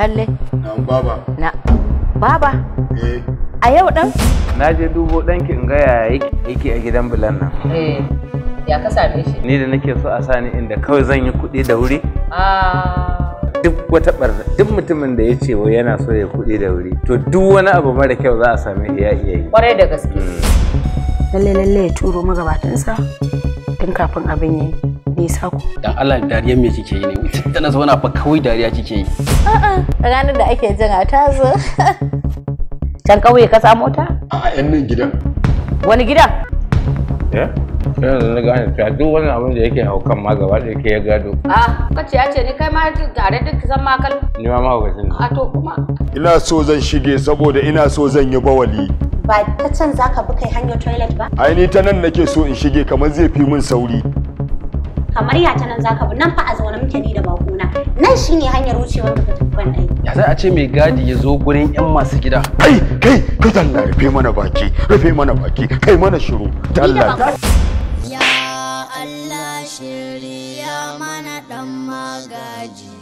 Talle. Na'am baba. Na. Baba. Eh. A yau dan? Na je dubo danki in ga ya yake a gidan bulan nan. Eh. Ya ka same shi? Ni da nake so a sani inda kawai zan yi kuɗi da wuri. Ah. Duk wata barna, duk mutumin da ya ce wai yana so ya kuɗi da wuri, to duk wani abu mara kyau za a same shi ya iya yi. Kwarai da gaske. Mm. Lalle lalle ya turo magabatansa tun kafin abin yayi. bai sa ku. Dan Allah dariya me kike yi ne? Tana na zauna fa kawai dariya kike yi. A'a ranar da ake a ta zo. Can kauye ka samo ta? A'a yan nan gidan. Wani gidan? Eh? Yanzu na gane ta duk wani abin da yake haukan ma gaba da yake ya gado. a ah, ka ce ya ce ni kai ma tare duk zan makal. Ni ma mahaukacin ne. A to kuma. Ina so zan shige saboda ina so zan yi bawali. Ba ta can zaka bi kai hanyar toilet ba? Ai ni ta nan nake so in shige kamar zai fi min sauri. kamar ya ta nan zaka bi nan fa a zaune muke ni da bakuna nan shine hanyar wucewar da ta ban dai ya za a ce mai gadi ya zo gurin yan masu gida kai kai ka tallar rufe mana baki rufe mana baki kai mana shiru tallar ya Allah shirya mana dan magajiya